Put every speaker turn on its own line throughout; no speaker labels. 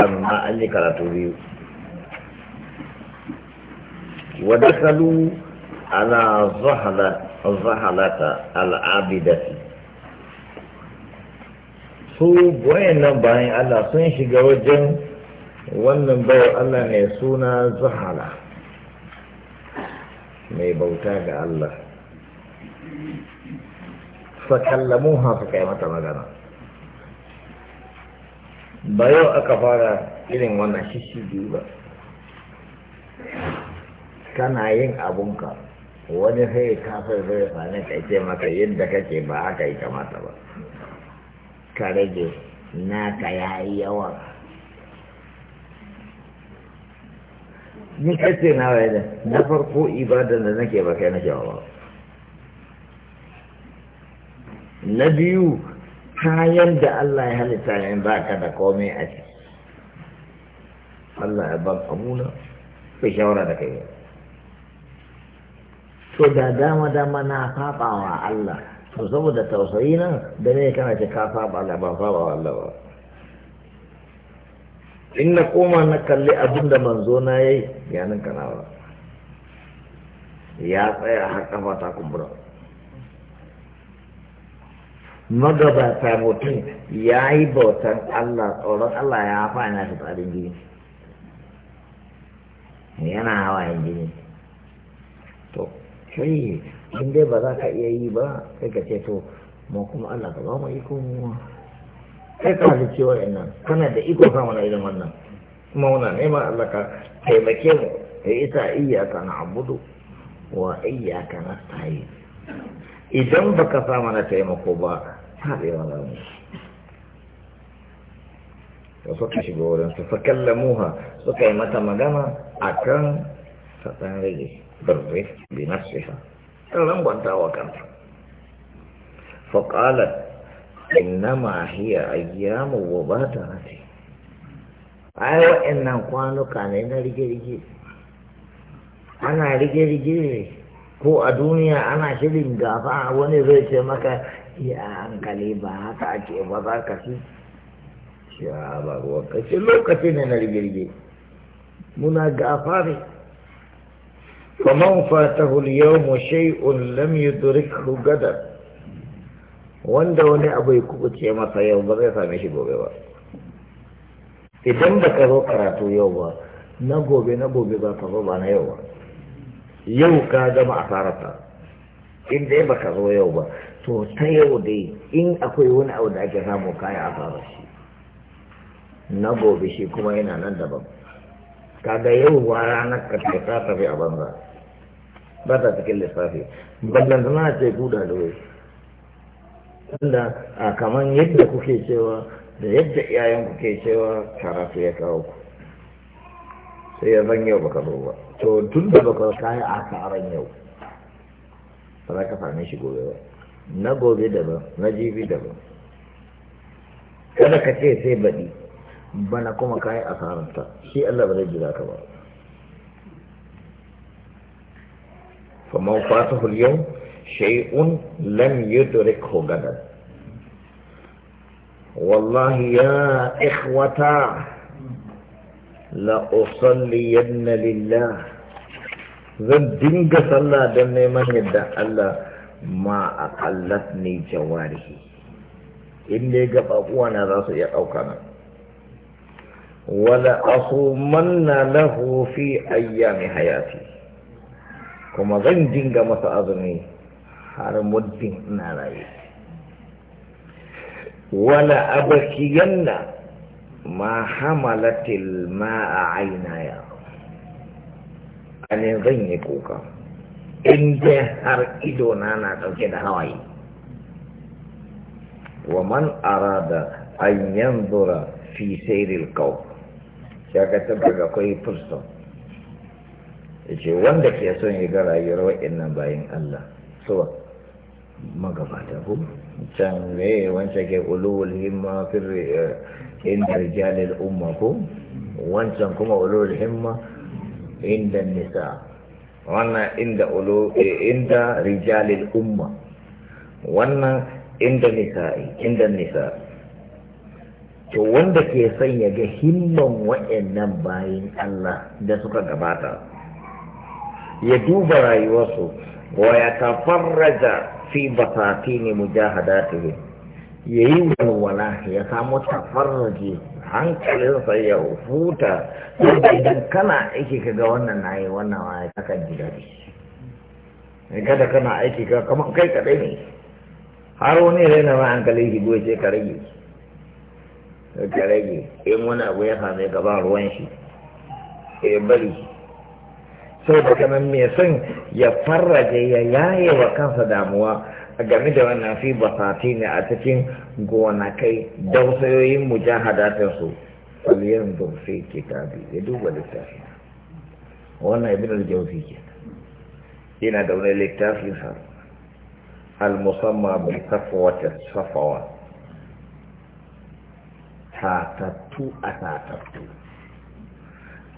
kan ma an yi karatu biyu ودخلوا على zahalata زهلة su wayannan bayan Allah sun shiga wajen wannan bawa Allah mai suna zahala mai bauta ga Allah fakallamu ha suka yi mata magana ba yau aka fara irin wannan shishi biyu ba kana yin abunka wani sai sai zai sani ka ce maka yadda kake ba haka yi kamata ba ka rage Na ka yayi yawa ni kace na waye da na farko ibada da nake ba kai nake ba na biyu kayan da Allah ya halitta in ba ka da komai a ciki Allah ya ban abuna bai shawara da kai to da dama dama na faɓawa Allah to saboda tausayi nan da ne kana ce ka faɓa Allah ba faɓa Allah ba in na koma na kalli abin da manzo na yayi yanin ba ya tsaya har kafa ta kumbura magabata mutum ya yi bautan Allah tsoron Allah ya hafa yana tsarin jini yana hawayen jini to sai in dai ba za ka iya yi ba sai ka ce to mu kuma Allah ka ba mu iko mu sai ka ji cewa nan kana da iko kan wani irin wannan kuma ne neman Allah ka taimake mu ya isa iyaka na abudu wa iyaka na sayi idan baka samu na taimako ba ta za mu da suka shiga wurin su fakan lamuha suka yi mata magana a kan saɗan rage birri bi nasiha ɗan rangwanta wa kanta faƙalar innama hiya ayyamu wa ba ta nasi ai wa'annan kwanuka ne na rige-rige ana rige-rige ko a duniya ana shirin gafa wani zai ce maka ce a hankali ba haka ake ba za ka fi shi ba ruwa kashe lokaci ne na rigirge muna gafa ne فمن فاته اليوم ulam yi يدركه غدا wanda wani abu ya kubuce masa yau ba zai same shi gobe ba idan ba ka zo karatu yau ba na gobe na gobe ba ka zo ba na yau ba yau ka gama asararta in ya ba ka zo yau ba to ta yau dai in akwai wani abu da ake samu kaya a fara shi na gobe shi kuma yana nan daban kaga yau wa ranar karfe ta tafi a banza ba ta cikin lissafi ballan zama ce guda da wai tunda a kaman yadda kuke cewa da yadda iyayen kuke cewa karatu ya kawo ku sai ya zan yau baka zo ba to tun da baka kaya a karan yau ba za ka same shi gobe ba na gobe daban na jibi daban kada ka ce sai baɗi bana kuma kayi asararta shi Allah ba zai jira ka ba faman fata yau shay'un lam yudrikhu gadan wallahi ya ikwata la usalliyanna lillah zan dinga sallah don neman yadda Allah ma a kallat ne jawarihi in dai gaɓaɓuwa na za su iya ɗauka nan wala asumanna lahu fi ayyami hayati kuma zan dinga masa azumi har muddin ina raye wala abakiyanna ma hamalatil ma'a ainaya anin zan yi kuka in dai har ido na na dauke da hawaye wa man arada an yanzura fi sairil qaw ya ga ga kai fursa yace wanda ke son ya ga rayuwar wa'annan bayan Allah so magabata ko can me wancan ke ulul himma fi eh, in rijalil umma ko wancan kuma ulul himma inda nisa wannan inda ulo eh, inda rijalil umma wannan inda nisa'i inda nisa to wanda ke son ya ga himman wa'annan bayin Allah da suka gabata ya duba rayuwarsu wa ya tafarraja fi batatini mujahadatihim yayi walwala ya samu tafarraje hankalinsa ya huta idan kana aiki ka ga wannan na yi wannan wa ya kan ji daɗi kada kana aiki ka kamar kai kaɗai ne har wani na ma'an hankalin shi goyi sai ka rage ka rage in wani abu ya same ka ba ruwan shi ya bari sau da kanan mai son ya farraje ya yaye wa kansa damuwa game da wannan fi basati ne a cikin gonakai dausayoyin mujahadatarsu faliyar ke kitabi ya duba littafi wannan ibn al-jawzi ke yana da wani littafi sa al-musamma bi safwat safawa tatattu a tatattu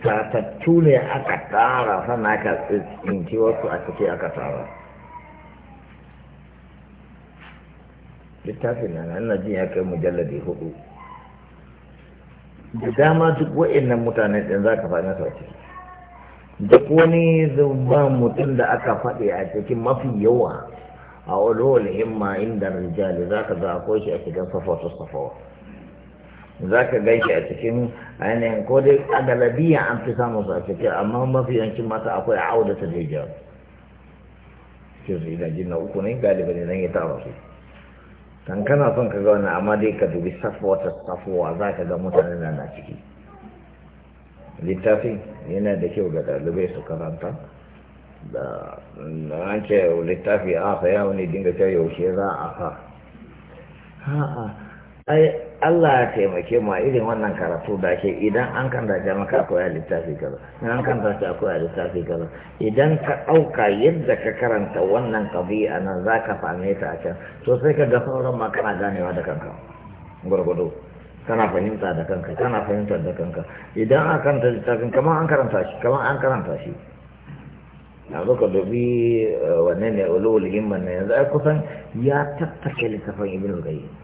tatattu ne aka tara sana ka tsinci wasu a cikin aka tara littafin na nan jin ya kai mujalladi hudu da dama duk wa'annan mutane ɗin za ka faɗi su ciki duk wani zuba mutum da aka faɗi a cikin mafi yawa a ulul himma inda rijali za ka za a shi a cikin safatu safawa za ka gan shi a cikin ainihin ko dai a galabiya an fi samu su a cikin amma mafi yancin mata akwai a auda ta ke su ina jin na uku ne galiba ne zan yi tawa su. kan kana son ka ga wani amma dai ka dubi safuwa ta safuwa za ka ga mutane na na ciki littafin yana da kyau ga dalibai su karanta da an ce littafi a yawon wani dinga ta yaushe za a fa Allah ya taimake mu a irin wannan karatu da ke idan an kan da maka akwai a littafi kaza an kan da akwai a littafi kaza idan ka auka yadda ka karanta wannan a nan za ka ta a can to sai ka ga sauran ma kana ganewa da kanka gwargwado kana fahimta da kanka kana fahimta da kanka idan an karanta littafin kamar an karanta shi kamar an karanta shi na zo ka dubi eh, wanne ne ulul himman ne yanzu ai kusan ya tattake littafin ibnu qayyim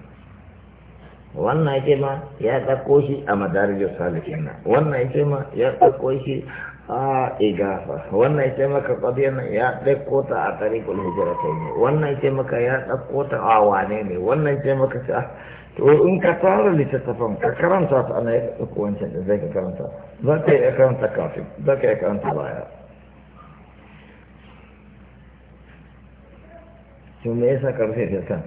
wannan yake ma ya ɗauko shi a madarajar salihin nan wannan yake ma ya ɗauko shi a igafa wannan yake ma ka ƙabiyar nan ya ɗauko ta a tarikul ta ne wannan yake maka ya ɗauko ta a wane ne wannan yake maka ta ah, to in ka tsara littattafan ka karanta ta ana ya ɗauko wancan da zai ka karanta za ka yi karanta kafin za ka yi karanta baya to me yasa karfe ta kan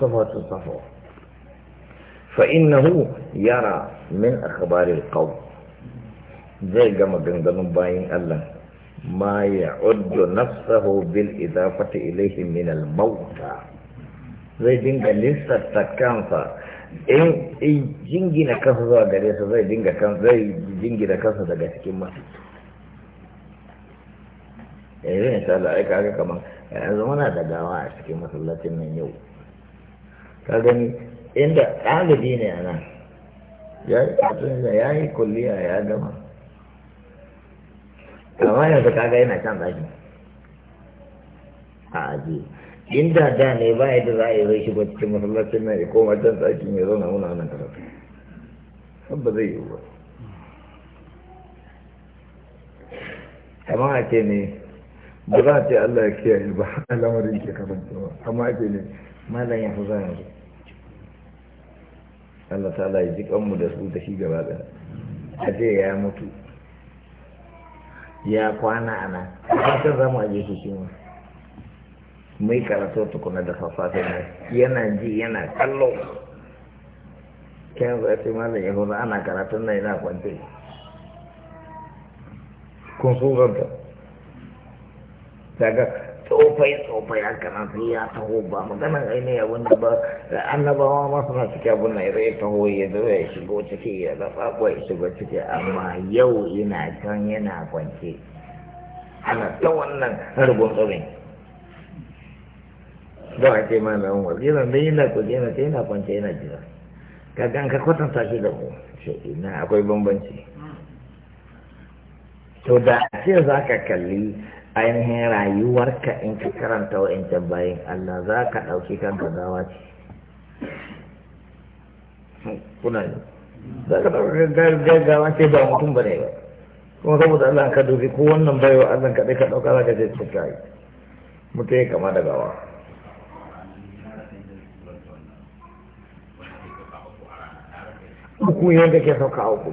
فما تصفه فإنه يرى من أخبار القوم زي جمع جندن باين الله ما يعد نفسه بالإضافة إليه من الموتى زي دينك لسة تكامسة إن إن جنجي نكاسة غريسة زي دينك كام زي جنجي نكاسة غريسة كما تتو إن شاء الله أيك أيك كمان أنا زمانة دعوة أشتكي مثلا تنين يوم ka gani inda ɗalibi ne a nan ya yi da ya yi kulliya ya gama amma yanzu kaga yana can ɗaki a aji inda da ne ba yadda za a yi zai shigo cikin masallacin nan ya koma can ɗakin ya zauna wani nan karatu ba zai yi ba Amma a ce ne ba za a ce Allah ya kiyaye ba al'amarin ke kasancewa amma a ce ne malam ya fi zan yanzu Allah ta'ala ya ji kanmu da su da shi gaba da a ce ya mutu ya kwana a nan fatan za mu aje shi shi ma mai karatu tukuna da sassafe ne yana ji yana kallo kyan zai ce malam ya ana karatun nan yana kwance kun so zanta daga tsofai tsofai haka na sai ya taho ba maganan aini abin da ba annabawa ma suna cike abin na zai taho ya zo ya shigo ciki ya zafa ko ya shigo ciki amma yau yana can yana kwance ana ta wannan harbin tsorin da a ce mana wani yana da yana kwance yana ce yana kwance yana jira ka gan ka kwatanta shi da mu ce ina akwai bambanci hmm. to da ce za ka kalli ainihin rayuwarka in ka karanta wa'incan bayan Allah za ka ɗauki kanka gawa ce kuna ne za ka ɗauki gawa ce ba mutum ba ne ba kuma saboda Allah ka dubi ko wannan baiwa Allah ka ka ɗauka za ka je cikin yi mutum ya kama da gawa uku yadda ke sauka a uku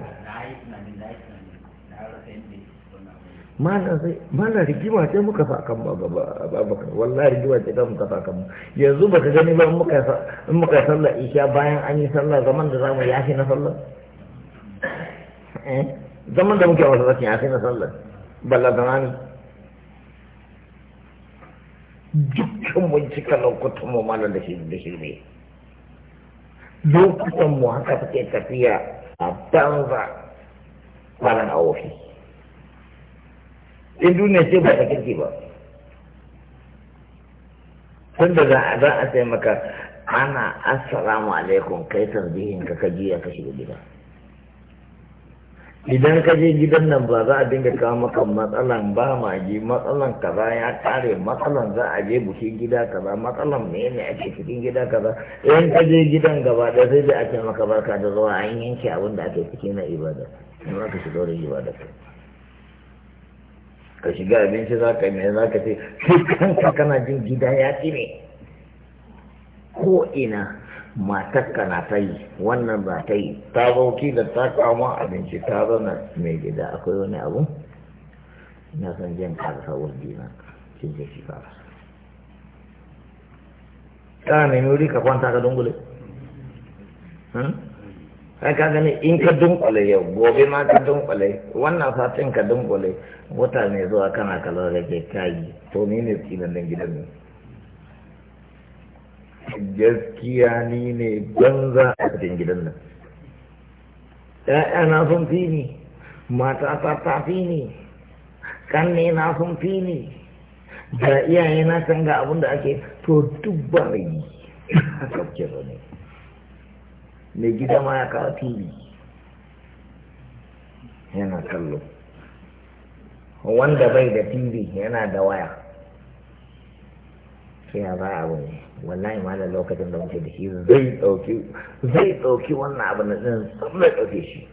mana rigima ce muka sa kan babaka wallahi rigima ce ta muka sa kan yanzu ka gani ba in muka sallah isha bayan an yi sallah zaman da zamu yafi na sallah eh? zaman da muke wasu zaki yafi na sallah balla da nani dukkan mun cika lokutan mu mana da shi da shi ne lokutan mu haka take tafiya a banza ba na ofis. in duniya ce ba ta kirki ba tunda za a sai maka ana assalamu alaikum kai tarbihin ka ka jiya ka shiga gida idan ka je gidan nan ba za a dinga kawo maka matsalan ba magi matsalan kaza ya kare matsalan za a je buki gida kaza matsalan me ne ake cikin gida kaza idan ka je gidan gaba da sai da ake maka barka da zuwa an yanke abin da ake ciki na ibada in ka shiga wurin ibada ka shiga abinci za ka mai za ka ce sai kanka kana jin gida ya ci ne ko ina matakka na ta yi wannan ba ta yi ta bauki da ta kama abinci ta zauna mai gida akwai wani abu na san jan karsa wani na cin da shi fara ta nemi wuri ka kwanta ka dungule hmm? kai ka gani in ka dunkule yau gobe ma ka dunkule wannan satin ka dunkule wata ne zuwa kana kallon rage kayi to ni ne nan gidan ne gaskiya ni ne banza a cikin gidan nan ‘ya'yana sun fi ni mata ta fi ni kanne na sun fi ni da iyaye na can ga abin da ake to duk ba yi a kafin ne mai gida ma ya kawo tv yana kallo wanda bai da tv yana da waya sai ya ba a wani wallahi ma da lokacin da muke da shi zai ɗauki zai ɗauki wannan abin da zan zai ɗauke shi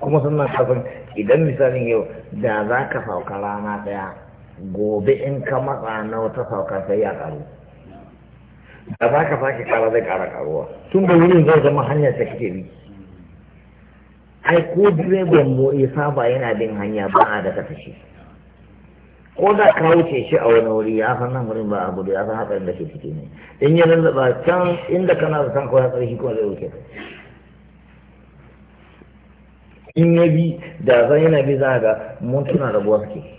kuma sannan kafin idan misalin yau da za ka sauka rana ɗaya gobe in ka matsa na wata sauka sai ya ƙaru da za ka sake kara zai kara karuwa tun da wurin zai zama hanyar ta kake bi ai ko direban mu ya saba yana bin hanya ba a da kasa shi ko da ka wuce shi a wani wuri ya san nan wurin ba a gudu ya san hatsarin da ke cikin ne in ya ba can inda kana da san ko hatsari shi kuma zai wuce ka in ya bi da zan yana bi za ga mun tuna rabuwa suke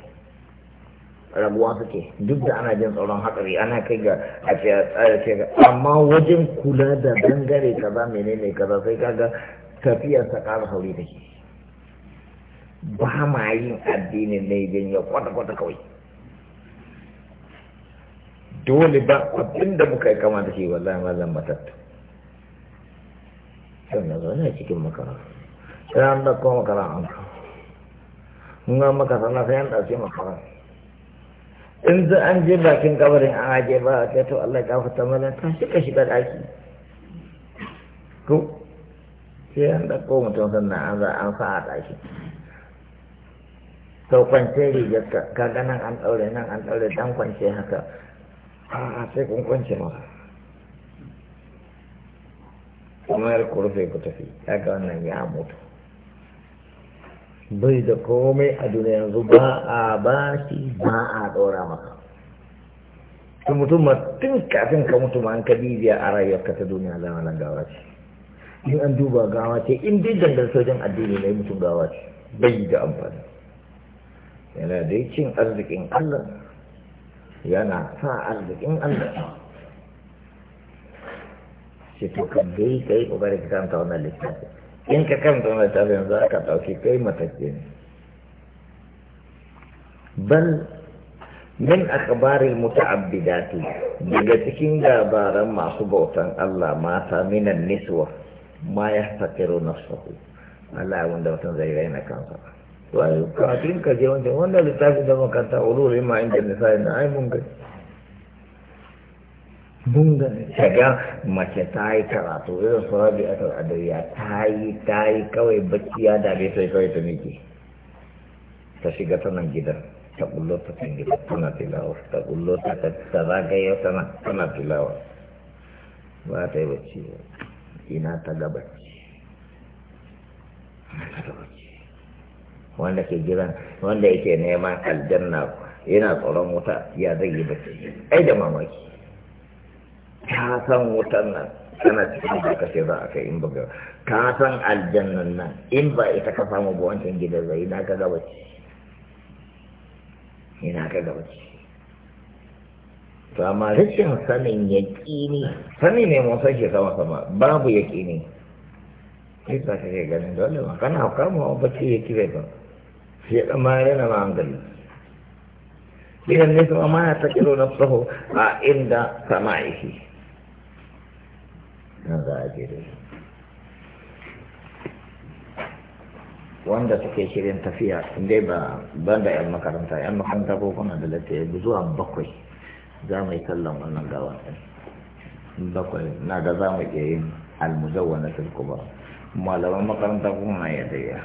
rabuwa suke duk da ana jin tsoron hatsari ana kai ga a ce ga amma wajen kula da dangare kaza menene kaza sai kaga tafiyar ta ƙara sauri take ba ma yin addinin ne don ya kwata-kwata kawai dole ba abin da muka yi kama da shi wallahi ma zan matattu sannan zaune cikin makara sai an da kuma makara an ka in ga makasa na sai an ɗauke makara in za an je bakin kabarin an aje ba a kai to Allah ya gafarta mana ta shiga shiga daki ko sai an ko mutum sannan an za an sa a daki to kwance rigar ka kaga nan an ɗaure nan an ɗaure dan kwance haka a sai kun kwance ma kuma ya kurfe ku tafi kaga wannan ya mutu bai da komai a duniya yanzu ba a ba shi ba a ɗora maka tun mutum ma tun kafin ka mutu ma an ka bibiya a rayuwarka ta duniya zama nan gawa ce in an duba gawa ce in dai dangar sojan addini ne mutum gawa ce bai da amfani yana da cin arzikin allah yana sa arzikin allah ce to kan dai kai ƙoƙarin karanta wannan littafin in ka karanta na littafin za ka ɗauki kai matakke ne bal min akhbaril muta'abbidati daga cikin labaran masu bautan Allah mata minan niswa ma na nafsuhu Allah wanda mutum zai raina kansa to ai kafin ka je wanda littafin da makanta ulul ma inda nisa'i na ai mun gani dun da shaga mace ta yi karatu irin su rabi a al'adariya ta yi ta yi kawai bacci ya dame ta kawai ta miki ta shiga ta nan gidan ta bullo ta kan gida tana tilawa ta bullo ta ta zagaye tana tana tilawa ba ta yi bacci ba, ina ta ga bacci wanda ke gidan wanda yake neman aljanna yana tsoron wuta ya zai yi bacci ai da mamaki ka san wutan nan tana cikin da kashe za a kai in buga ka san aljannan nan in ba ita ka samu ba wancan gidan zai na ka gaba ina ka gaba to amma rashin sanin yaƙini sani ne mun san shi sama sama babu yaƙini sai za ka ke ganin dole ma kana kama ba ce ya kire ba sai ɗan ma yana ma gani idan ne kuma ma ya ta kiro na tsaho a inda sama'ihi nan za a je da su wanda suke shirin tafiya inda ba da yan makaranta yan makaranta ko kuna da lafiya zuwa bakwai za mu yi kallon wannan gawa bakwai na ga za mu iya yin na kubra malaman makaranta kuma na yadda